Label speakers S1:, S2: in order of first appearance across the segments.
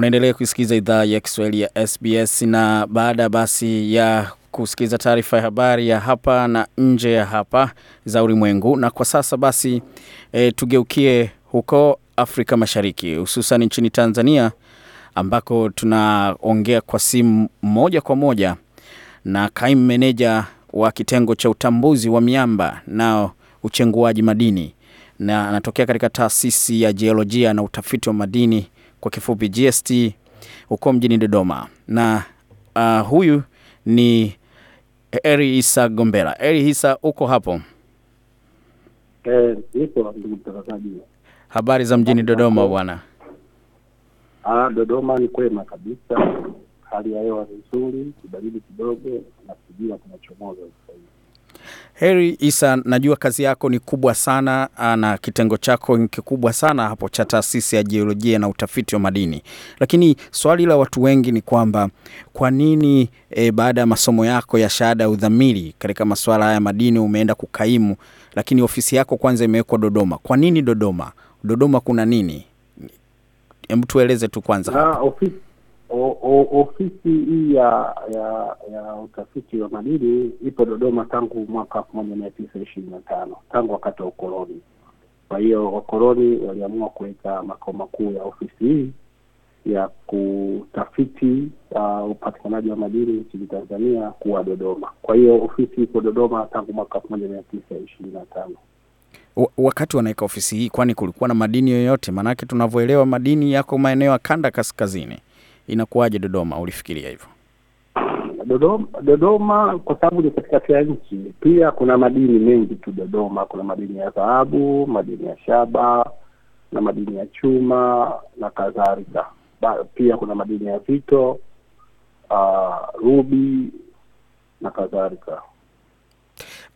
S1: Unaendelea kusikiza idhaa ya Kiswahili ya SBS, na baada basi ya kusikiza taarifa ya habari ya hapa na nje ya hapa za ulimwengu. Na kwa sasa basi e, tugeukie huko Afrika Mashariki, hususan nchini Tanzania ambako tunaongea kwa simu moja kwa moja na kaimu meneja wa kitengo cha utambuzi wa miamba na uchenguaji madini, na anatokea katika taasisi ya jiolojia na utafiti wa madini kwa kifupi GST huko mjini Dodoma na uh, huyu ni Eri Isa Gombera. Eri Isa, uko hapo?
S2: Eh, niko ndugu mtangazaji.
S1: Habari za mjini Dodoma bwana?
S2: Ah, Dodoma ni kwema kabisa, hali ya hewa nzuri, kibaridi kidogo na kijua kinachomoza sasa hivi.
S1: Heri Isa, najua kazi yako ni kubwa sana ah, na kitengo chako ni kikubwa sana hapo cha taasisi ya jiolojia na utafiti wa madini, lakini swali la watu wengi ni kwamba kwa nini e, baada ya masomo yako ya shahada ya udhamiri katika masuala haya madini umeenda kukaimu, lakini ofisi yako kwanza imewekwa Dodoma. Kwa nini Dodoma? Dodoma kuna nini? Hebu tueleze tu kwanza. Na,
S2: ah, ofisi O, o, ofisi hii ya ya ya utafiti wa madini ipo Dodoma tangu mwaka elfu moja mia tisa ishirini na tano tangu wakati wa ukoloni. Kwa hiyo wakoloni waliamua kuweka makao makuu ya ofisi hii ya kutafiti uh, upatikanaji wa madini nchini Tanzania kuwa Dodoma. Kwa hiyo ofisi ipo Dodoma tangu mwaka elfu moja mia tisa ishirini na tano.
S1: Wakati wanaweka ofisi hii, kwani kulikuwa na madini yoyote? Maanake tunavyoelewa madini yako maeneo ya kanda kaskazini Inakuwaje Dodoma ulifikiria hivyo?
S2: Dodoma, Dodoma kwa sababu ni katikati ya nchi, pia kuna madini mengi tu Dodoma. Kuna madini ya dhahabu, madini ya shaba na madini ya chuma na kadhalika. Pia kuna madini ya vito, uh, rubi na kadhalika.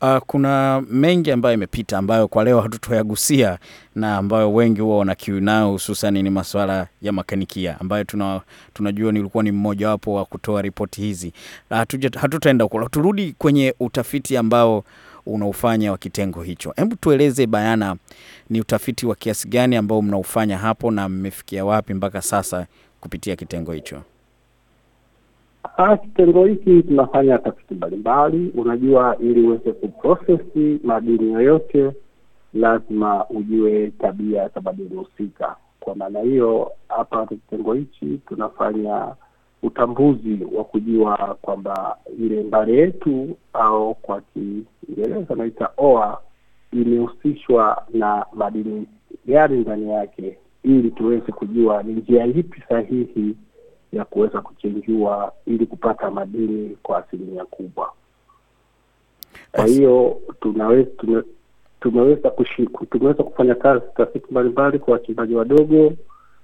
S1: Uh, kuna mengi ambayo imepita ambayo kwa leo hatutoyagusia na ambayo wengi huwa wana nao, hususan ni masuala ya makanikia ambayo tuna, tunajua nilikuwa ni mmojawapo wa kutoa ripoti hizi. Uh, hatutaenda huko, turudi kwenye utafiti ambao unaufanya wa kitengo hicho. Hebu tueleze bayana, ni utafiti wa kiasi gani ambao mnaufanya hapo na mmefikia wapi mpaka sasa kupitia kitengo hicho?
S2: kitengo hiki tunafanya tafiti mbalimbali. Unajua, ili uweze kuprosesi madini yoyote lazima ujue tabia za madini husika. Kwa maana hiyo, hapa kitengo hichi tunafanya utambuzi wa kujua kwamba ile mbare yetu au kwa Kiingereza naita oa imehusishwa na madini gani ndani yake, ili tuweze kujua ni njia ipi sahihi ya kuweza kuchenjua ili kupata madini kwa asilimia kubwa. Kwa hiyo tume, tumeweza tumeweza kufanya kazi tafiti mbalimbali kwa wachimbaji wadogo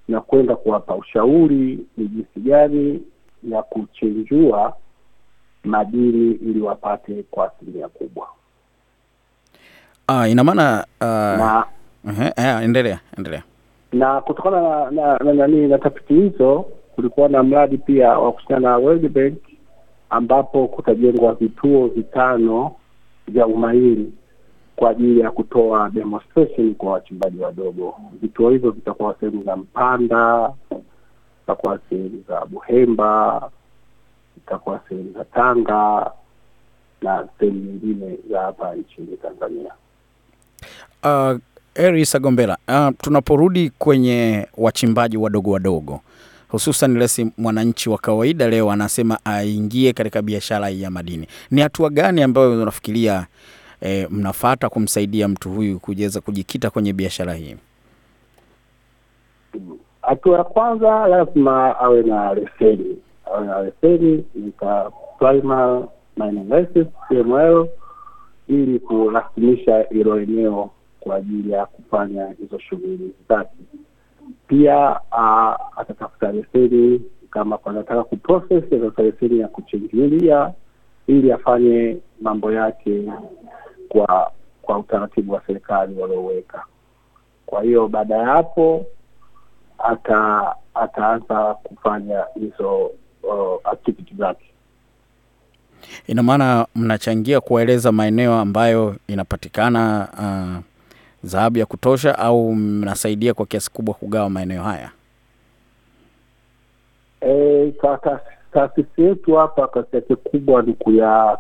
S2: na kwenda kuwapa ushauri ni jinsi gani ya kuchenjua madini ili wapate kwa asilimia kubwa.
S1: Ah, ina maana uh, uh, endelea endelea.
S2: Na kutokana na na, na, na, na, na tafiti hizo kulikuwa na mradi pia wa kushirikiana na World Bank ambapo kutajengwa vituo vitano vya umahiri kwa ajili ya kutoa demonstration kwa wachimbaji wadogo. Vituo hivyo vitakuwa sehemu za Mpanda, vitakuwa sehemu za Buhemba, vitakuwa sehemu za Tanga na sehemu nyingine za hapa nchini Tanzania.
S1: Uh, Eri Sagombela, uh, tunaporudi kwenye wachimbaji wadogo wadogo hususan lesi mwananchi wa kawaida leo anasema aingie katika biashara ya madini, ni hatua gani ambayo unafikiria e, mnafata kumsaidia mtu huyu kuweza kujikita kwenye biashara hii?
S2: Hatua ya kwanza lazima awe na leseni, awe na leseni nika primary mining license PML, ili kurasimisha hilo eneo kwa ajili ya kufanya hizo shughuli zake. Pia ah, atatafuta leseni kama anataka kuprocess, atatafuta leseni ya kuchingilia ili afanye mambo yake kwa kwa utaratibu wa serikali walioweka. Kwa hiyo baada ya hapo ata ataanza kufanya hizo uh, oh, activity zake.
S1: Ina maana mnachangia kuwaeleza maeneo ambayo inapatikana uh dhahabu ya kutosha au mnasaidia kwa kiasi kubwa kugawa maeneo haya?
S2: E, eh, taasisi yetu hapa kazi yake kubwa ni kuya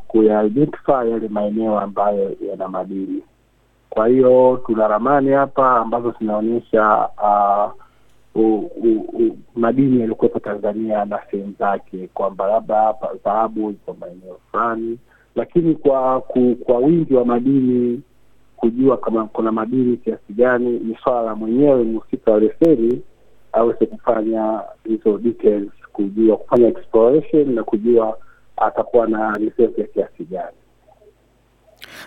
S2: yale maeneo ambayo yana madini. Kwa hiyo tuna ramani hapa ambazo zinaonyesha uh, madini yaliyokuwepo Tanzania na sehemu zake, kwamba labda dhahabu iko maeneo fulani, lakini kwa ku, kwa wingi wa madini kujua kama kuna madini kiasi gani, ni swala la mwenyewe mhusika wa leseni aweze kufanya hizo details, kujua kufanya exploration na kujua atakuwa na reserve ya kiasi gani.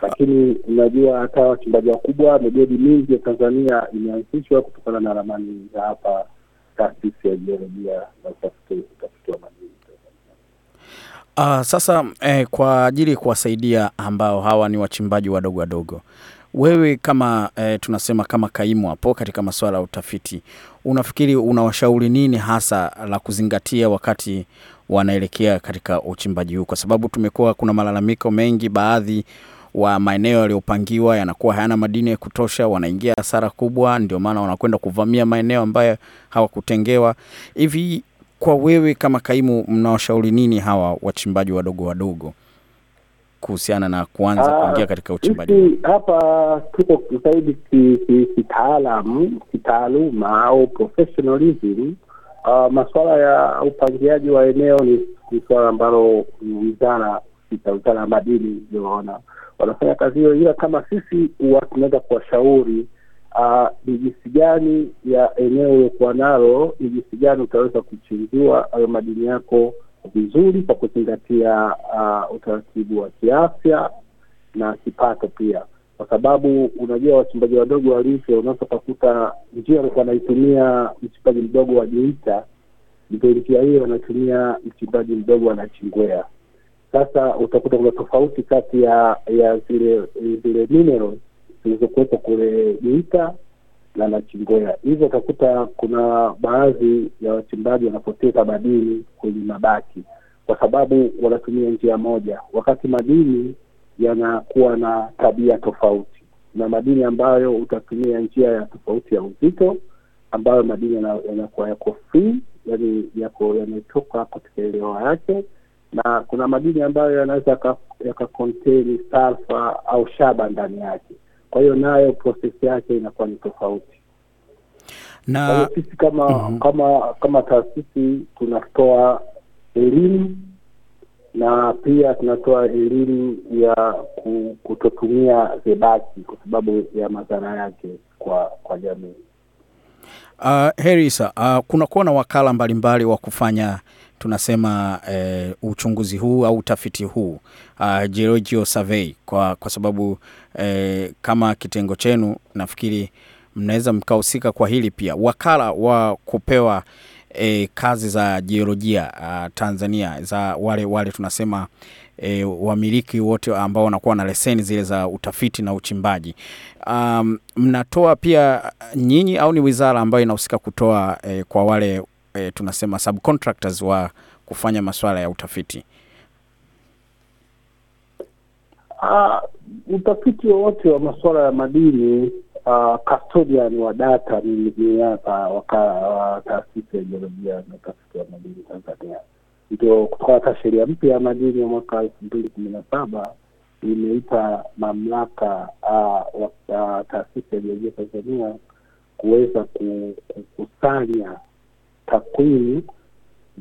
S2: Lakini unajua hata wachimbaji wakubwa, migodi mingi ya Tanzania imeanzishwa kutokana na ramani za hapa taasisi ya jiolojia na utafiti wa madini.
S1: Uh, sasa eh, kwa ajili ya kuwasaidia ambao hawa ni wachimbaji wadogo wadogo wewe kama e, tunasema kama kaimu hapo katika masuala ya utafiti, unafikiri unawashauri nini hasa la kuzingatia wakati wanaelekea katika uchimbaji huu? Kwa sababu tumekuwa kuna malalamiko mengi, baadhi wa maeneo yaliyopangiwa yanakuwa hayana madini ya kutosha, wanaingia hasara kubwa, ndio maana wanakwenda kuvamia maeneo ambayo hawakutengewa. Hivi kwa wewe kama kaimu, mnawashauri nini hawa wachimbaji wadogo wadogo kuhusiana na kuanza ah, kuingia katika uchimbaji?
S2: Hapa tuko zaidi kitaalam, kitaaluma au professionalism. Uh, ah, masuala ya upangiaji wa eneo ni, ni suala ambalo wizara sita, wizara ya madini ndio wana wanafanya kazi hiyo, ila kama sisi huwa tunaweza kuwashauri ah, ni uh, jinsi gani ya eneo uliokuwa nalo, ni jinsi gani utaweza kuchinjua hayo madini yako vizuri kwa kuzingatia uh, utaratibu wa kiafya na kipato pia, kwa sababu unajua wachimbaji wadogo wa lishe unaweza njia alikuwa anaitumia mchimbaji mdogo wa Geita ndio njia hiyo anatumia mchimbaji mdogo wa Nachingwea. Sasa utakuta kuna tofauti kati ya ya zile zile minerals zilizokuwepo kule Geita la Nachingwea. Hivyo utakuta kuna baadhi ya wachimbaji wanapoteza madini kwenye mabaki kwa sababu wanatumia njia moja, wakati madini yanakuwa na tabia tofauti, na madini ambayo utatumia njia ya tofauti ya uzito, ambayo madini yanakuwa yako free, yani yako yametoka katika elewa yake, na kuna madini ambayo yanaweza yakakonteni au shaba ndani yake kwa hiyo nayo prosesi yake inakuwa ni tofauti
S1: na sisi
S2: kama mm -hmm. kama kama taasisi tunatoa elimu na pia tunatoa elimu ya kutotumia zebaki kwa sababu ya madhara yake kwa kwa jamii.
S1: Uh, Herisa, uh, kunakuwa na wakala mbalimbali wa kufanya tunasema eh, uchunguzi huu au utafiti huu uh, geological survey kwa, kwa sababu eh, kama kitengo chenu nafikiri mnaweza mkahusika kwa hili pia. Wakala wa kupewa eh, kazi za jiolojia uh, Tanzania za wale wale tunasema e, wamiliki wote ambao wanakuwa na leseni zile za utafiti na uchimbaji. Um, mnatoa pia nyinyi au ni wizara ambayo inahusika kutoa e, kwa wale e, tunasema subcontractors wa kufanya masuala ya utafiti?
S2: Uh, utafiti wowote wa masuala ya madini uh, custodian wa data ni hapa taasisi ya jiolojia na utafiti wa madini Tanzania ndio kutokana katika sheria mpya ya madini ya mwaka elfu mbili kumi na saba imeipa mamlaka taasisi ya Tanzania kuweza kukusanya takwimu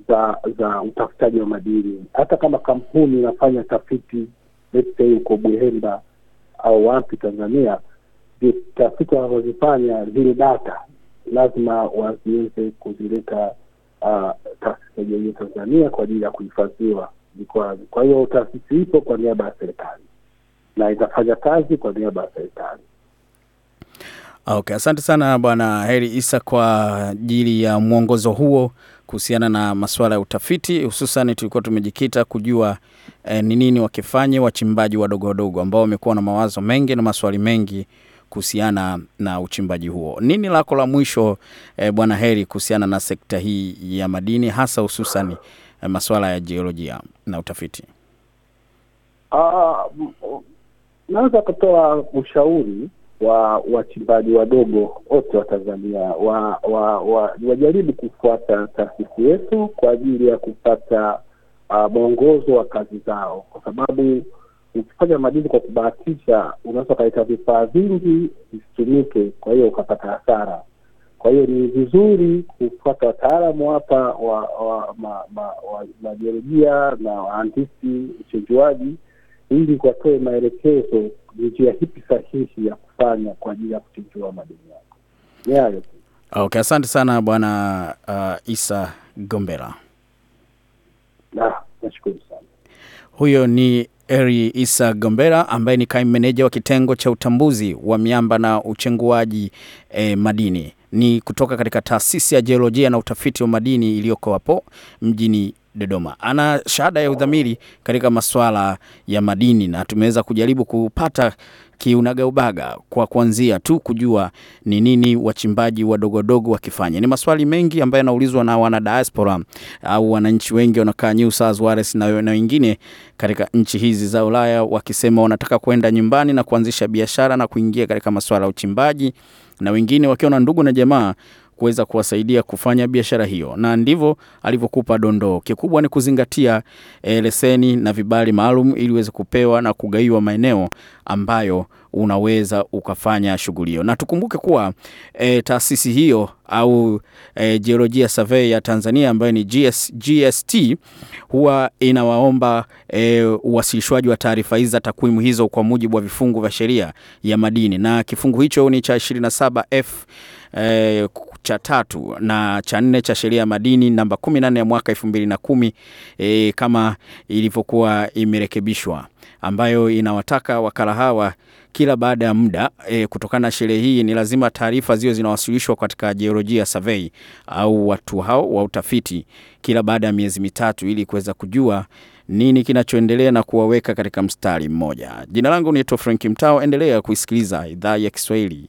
S2: za za utafutaji wa madini. Hata kama kampuni inafanya tafiti let's uko Buhemba au wapi Tanzania, tafiti wanazozifanya zile data lazima waziweze kuzileta uh, taasisi ya Tanzania kwa ajili ya kuhifadhiwa vikwazo. Kwa hiyo taasisi ipo kwa niaba ya serikali na itafanya kazi kwa niaba ya serikali.
S1: Okay, asante sana Bwana Heri Isa kwa ajili ya mwongozo huo kuhusiana na masuala ya utafiti. Hususan tulikuwa tumejikita kujua eh, ni eh, nini wakifanye wachimbaji wadogo wadogo ambao wamekuwa na mawazo mengi na maswali mengi kuhusiana na uchimbaji huo. Nini lako la mwisho eh, Bwana Heri, kuhusiana na sekta hii ya madini hasa hususan eh, masuala ya jiolojia na utafiti?
S2: Uh, naweza kutoa ushauri wa wachimbaji wadogo wote wa Tanzania wa, wa, wa, wajaribu kufuata taasisi yetu kwa ajili ya kupata uh, mwongozo wa kazi zao, kwa sababu ukifanya madini kwa kubahatisha, unaweza ukaleta vifaa vingi visitumike, kwa hiyo ukapata hasara. Kwa hiyo ni vizuri kufuata wataalamu hapa wa wa majiolojia na wahandisi uchenjuaji, ili watoe maelekezo ni njia hipi sahihi ya kufanya kwa ajili ya kuchenjua madini yako. Ni hayo tu.
S1: Okay, asante sana Bwana uh, Isa Gombera. Ah, nashukuru sana. Huyo ni Eri Isa Gombera ambaye ni kaimu meneja wa kitengo cha utambuzi wa miamba na uchenguaji eh, madini ni kutoka katika taasisi ya jiolojia na utafiti wa madini iliyoko hapo mjini Dodoma. Ana shahada ya udhamiri katika masuala ya madini na tumeweza kujaribu kupata kiunaga ubaga kwa kuanzia tu kujua ni nini wachimbaji wadogodogo wakifanya. Ni maswali mengi ambayo yanaulizwa na wana diaspora au wananchi wengi wanakaa New South Wales na wengine katika nchi hizi za Ulaya wakisema wanataka kwenda nyumbani na kuanzisha biashara na kuingia katika masuala ya uchimbaji na wengine wakiwa na ndugu na jamaa kuweza kuwasaidia kufanya biashara hiyo, na ndivyo alivyokupa dondoo. Kikubwa ni kuzingatia eh, leseni na vibali maalum ili uweze kupewa na kugaiwa maeneo ambayo unaweza ukafanya shughuli hiyo. Na tukumbuke kuwa e, taasisi hiyo au e, Geologia Survey ya Tanzania ambayo ni GS, GST huwa inawaomba e, uwasilishwaji wa taarifa hizi za takwimu hizo kwa mujibu wa vifungu vya sheria ya madini na kifungu hicho ni cha 27F eh, cha tatu na cha nne cha sheria ya madini namba 14 ya mwaka 2010 eh, kama ilivyokuwa imerekebishwa ambayo inawataka wakala hawa kila baada ya muda e, kutokana na sheria hii ni lazima taarifa ziwe zinawasilishwa katika jiolojia survey au watu hao wa utafiti kila baada ya miezi mitatu ili kuweza kujua nini kinachoendelea na kuwaweka katika mstari mmoja. Jina langu ni Frank Mtao. Endelea kuisikiliza idhaa ya Kiswahili